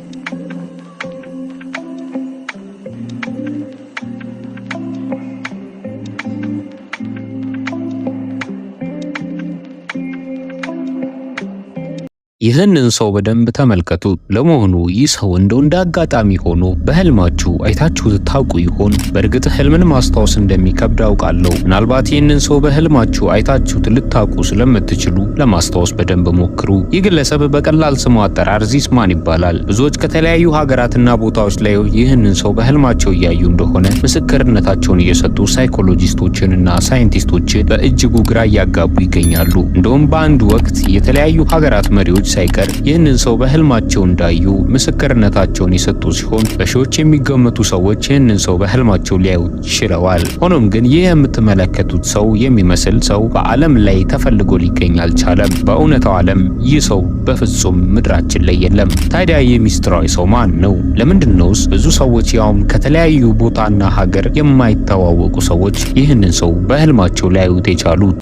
Música ይህንን ሰው በደንብ ተመልከቱ። ለመሆኑ ይህ ሰው እንደው እንደ አጋጣሚ ሆኖ በህልማችሁ አይታችሁ ታውቁ ይሆን? በእርግጥ ህልምን ማስታወስ እንደሚከብድ አውቃለሁ። ምናልባት ይህንን ሰው በህልማችሁ አይታችሁት ልታውቁ ስለምትችሉ ለማስታወስ በደንብ ሞክሩ። ይህ ግለሰብ በቀላል ስሙ አጠራር ዚስማን ይባላል። ብዙዎች ከተለያዩ ሀገራትና ቦታዎች ላይ ይህንን ሰው በህልማቸው እያዩ እንደሆነ ምስክርነታቸውን እየሰጡ ሳይኮሎጂስቶችንና ሳይንቲስቶችን በእጅጉ ግራ እያጋቡ ይገኛሉ። እንደውም በአንድ ወቅት የተለያዩ ሀገራት መሪዎች ሰዎች ሳይቀር ይህንን ሰው በህልማቸው እንዳዩ ምስክርነታቸውን የሰጡ ሲሆን በሺዎች የሚገመቱ ሰዎች ይህንን ሰው በህልማቸው ሊያዩት ችለዋል። ሆኖም ግን ይህ የምትመለከቱት ሰው የሚመስል ሰው በዓለም ላይ ተፈልጎ ሊገኝ አልቻለም። በእውነታው ዓለም ይህ ሰው በፍጹም ምድራችን ላይ የለም። ታዲያ ይህ ሚስጥራዊ ሰው ማን ነው? ለምንድነውስ ብዙ ሰዎች ያውም ከተለያዩ ቦታና ሀገር የማይተዋወቁ ሰዎች ይህንን ሰው በህልማቸው ሊያዩት የቻሉት?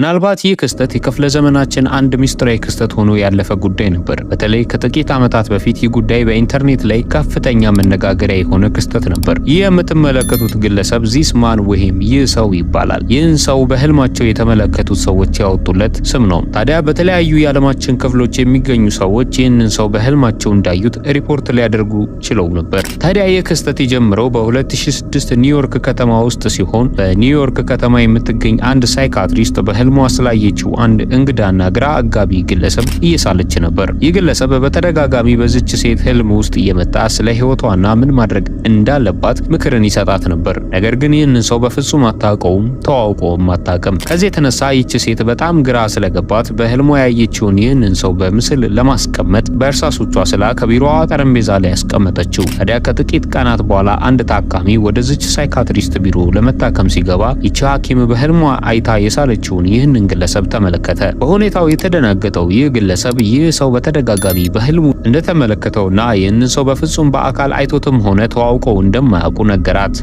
ምናልባት ይህ ክስተት የክፍለ ዘመናችን አንድ ሚስጥራዊ ክስተት ሆኖ ያለፈ ጉዳይ ነበር። በተለይ ከጥቂት ዓመታት በፊት ይህ ጉዳይ በኢንተርኔት ላይ ከፍተኛ መነጋገሪያ የሆነ ክስተት ነበር። ይህ የምትመለከቱት ግለሰብ ዚስማን ወይም ይህ ሰው ይባላል። ይህን ሰው በህልማቸው የተመለከቱት ሰዎች ያወጡለት ስም ነው። ታዲያ በተለያዩ የዓለማችን ክፍሎች የሚገኙ ሰዎች ይህንን ሰው በህልማቸው እንዳዩት ሪፖርት ሊያደርጉ ችለው ነበር። ታዲያ ይህ ክስተት የጀምረው በ2006 ኒውዮርክ ከተማ ውስጥ ሲሆን በኒውዮርክ ከተማ የምትገኝ አንድ ሳይካትሪስት በህልም በህልሟ ስላየችው አንድ እንግዳና ግራ አጋቢ ግለሰብ እየሳለች ነበር። ይህ ግለሰብ በተደጋጋሚ በዚች ሴት ህልም ውስጥ እየመጣ ስለ ህይወቷና ምን ማድረግ እንዳለባት ምክርን ይሰጣት ነበር። ነገር ግን ይህንን ሰው በፍጹም አታውቀውም፣ ተዋውቆም አታውቅም። ከዚህ የተነሳ ይች ሴት በጣም ግራ ስለገባት በህልሟ ያየችውን ይህንን ሰው በምስል ለማስቀመጥ በእርሳሶቿ ስላ ከቢሮዋ ጠረጴዛ ላይ ያስቀመጠችው። ታዲያ ከጥቂት ቀናት በኋላ አንድ ታካሚ ወደዚች ሳይካትሪስት ቢሮ ለመታከም ሲገባ ይቺ ሐኪም በህልሟ አይታ የሳለችውን ይህንን ግለሰብ ተመለከተ። በሁኔታው የተደናገጠው ይህ ግለሰብ ይህ ሰው በተደጋጋሚ በህልሙ እንደተመለከተውና ይህንን ሰው በፍጹም በአካል አይቶትም ሆነ ተዋውቀው እንደማያውቁ ነገራት።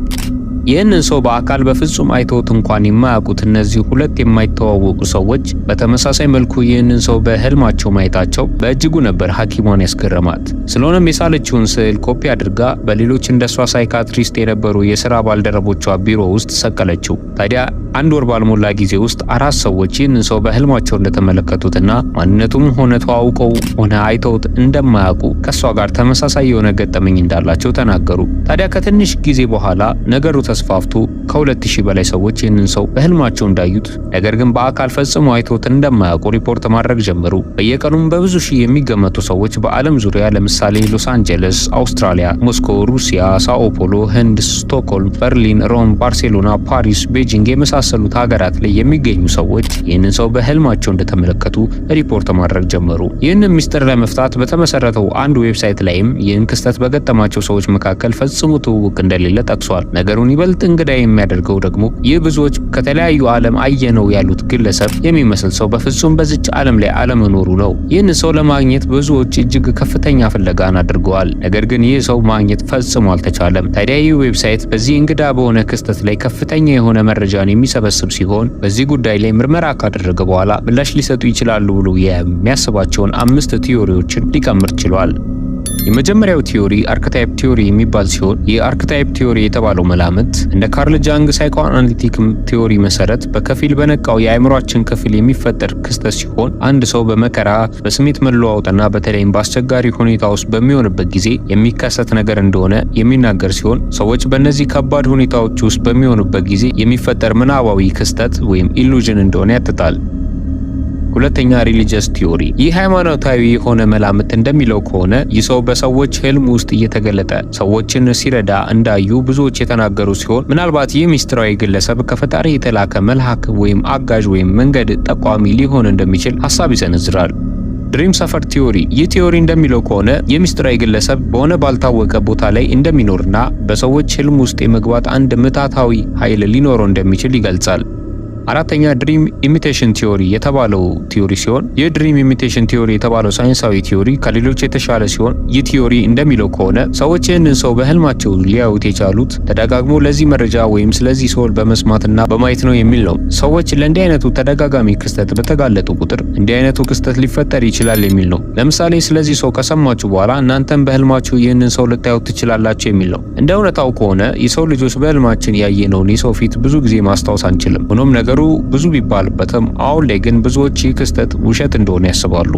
ይህንን ሰው በአካል በፍጹም አይተውት እንኳን የማያውቁት እነዚህ ሁለት የማይተዋወቁ ሰዎች በተመሳሳይ መልኩ ይህንን ሰው በህልማቸው ማየታቸው በእጅጉ ነበር ሐኪሟን ያስገረማት። ስለሆነም የሳለችውን ስዕል ኮፒ አድርጋ በሌሎች እንደሷ ሳይካትሪስት የነበሩ የስራ ባልደረቦቿ ቢሮ ውስጥ ሰቀለችው። ታዲያ አንድ ወር ባልሞላ ጊዜ ውስጥ አራት ሰዎች ይህንን ሰው በህልማቸው እንደተመለከቱትና ማንነቱም ሆነ ተዋውቀው ሆነ አይተውት እንደማያውቁ ከእሷ ጋር ተመሳሳይ የሆነ ገጠመኝ እንዳላቸው ተናገሩ። ታዲያ ከትንሽ ጊዜ በኋላ ነገሩ ተስፋፍቶ ከ2000 በላይ ሰዎች ይህንን ሰው በህልማቸው እንዳዩት ነገር ግን በአካል ፈጽሞ አይተውት እንደማያውቁ ሪፖርት ማድረግ ጀመሩ። በየቀኑም በብዙ ሺህ የሚገመቱ ሰዎች በዓለም ዙሪያ ለምሳሌ ሎስ አንጀለስ፣ አውስትራሊያ፣ ሞስኮ፣ ሩሲያ፣ ሳኦፖሎ፣ ህንድ፣ ስቶክሆልም፣ በርሊን፣ ሮም፣ ባርሴሎና፣ ፓሪስ፣ ቤጂንግ የመሳሰሉት ሀገራት ላይ የሚገኙ ሰዎች ይህንን ሰው በህልማቸው እንደተመለከቱ ሪፖርት ማድረግ ጀመሩ። ይህንን ሚስጥር ለመፍታት በተመሰረተው አንድ ዌብሳይት ላይም ይህን ክስተት በገጠማቸው ሰዎች መካከል ፈጽሞ ትውውቅ እንደሌለ ጠቅሷል። ነገሩን ይበ ይበልጥ እንግዳ የሚያደርገው ደግሞ ይህ ብዙዎች ከተለያዩ ዓለም አየነው ያሉት ግለሰብ የሚመስል ሰው በፍጹም በዚች ዓለም ላይ አለመኖሩ ነው። ይህን ሰው ለማግኘት ብዙዎች እጅግ ከፍተኛ ፍለጋን አድርገዋል። ነገር ግን ይህ ሰው ማግኘት ፈጽሞ አልተቻለም። ታዲያ ይህ ዌብሳይት በዚህ እንግዳ በሆነ ክስተት ላይ ከፍተኛ የሆነ መረጃን የሚሰበስብ ሲሆን በዚህ ጉዳይ ላይ ምርመራ ካደረገ በኋላ ምላሽ ሊሰጡ ይችላሉ ብሎ የሚያስባቸውን አምስት ቲዮሪዎችን ሊቀምር ችሏል። የመጀመሪያው ቲዮሪ አርክታይፕ ቲዮሪ የሚባል ሲሆን የአርክታይፕ ቲዮሪ የተባለው መላምት እንደ ካርል ጃንግ ሳይኮአናሊቲክ ቲዮሪ መሰረት በከፊል በነቃው የአእምሯችን ክፍል የሚፈጠር ክስተት ሲሆን አንድ ሰው በመከራ በስሜት መለዋወጥና በተለይም በአስቸጋሪ ሁኔታ ውስጥ በሚሆንበት ጊዜ የሚከሰት ነገር እንደሆነ የሚናገር ሲሆን ሰዎች በእነዚህ ከባድ ሁኔታዎች ውስጥ በሚሆኑበት ጊዜ የሚፈጠር ምናባዊ ክስተት ወይም ኢሉዥን እንደሆነ ያትታል። ሁለተኛ ሪሊጂየስ ቲዮሪ ይህ ሃይማኖታዊ የሆነ መላምት እንደሚለው ከሆነ ይህ ሰው በሰዎች ህልም ውስጥ እየተገለጠ ሰዎችን ሲረዳ እንዳዩ ብዙዎች የተናገሩ ሲሆን ምናልባት ይህ ሚስጥራዊ ግለሰብ ከፈጣሪ የተላከ መልአክ ወይም አጋዥ ወይም መንገድ ጠቋሚ ሊሆን እንደሚችል ሀሳብ ይሰነዝራል። ድሪም ሰፈር ቲዮሪ ይህ ቲዮሪ እንደሚለው ከሆነ የሚስጥራዊ ግለሰብ በሆነ ባልታወቀ ቦታ ላይ እንደሚኖርና በሰዎች ህልም ውስጥ የመግባት አንድ ምታታዊ ኃይል ሊኖረው እንደሚችል ይገልጻል። አራተኛ ድሪም ኢሚቴሽን ቲዮሪ የተባለው ቲዮሪ ሲሆን ይህ ድሪም ኢሚቴሽን ቲዮሪ የተባለው ሳይንሳዊ ቲዮሪ ከሌሎች የተሻለ ሲሆን ይህ ቲዮሪ እንደሚለው ከሆነ ሰዎች ይህንን ሰው በህልማቸው ሊያዩት የቻሉት ተደጋግሞ ለዚህ መረጃ ወይም ስለዚህ ሰው በመስማትና በማየት ነው የሚል ነው። ሰዎች ለእንዲህ አይነቱ ተደጋጋሚ ክስተት በተጋለጡ ቁጥር እንዲህ አይነቱ ክስተት ሊፈጠር ይችላል የሚል ነው። ለምሳሌ ስለዚህ ሰው ከሰማችሁ በኋላ እናንተም በህልማችሁ ይህንን ሰው ልታዩት ትችላላችሁ የሚል ነው። እንደ እውነታው ከሆነ የሰው ልጆች በህልማችን ያየነውን የሰው ፊት ብዙ ጊዜ ማስታወስ አንችልም። ሆኖም ነገሩ ነገሩ ብዙ ቢባልበትም አሁን ላይ ግን ብዙዎች ይህ ክስተት ውሸት እንደሆነ ያስባሉ።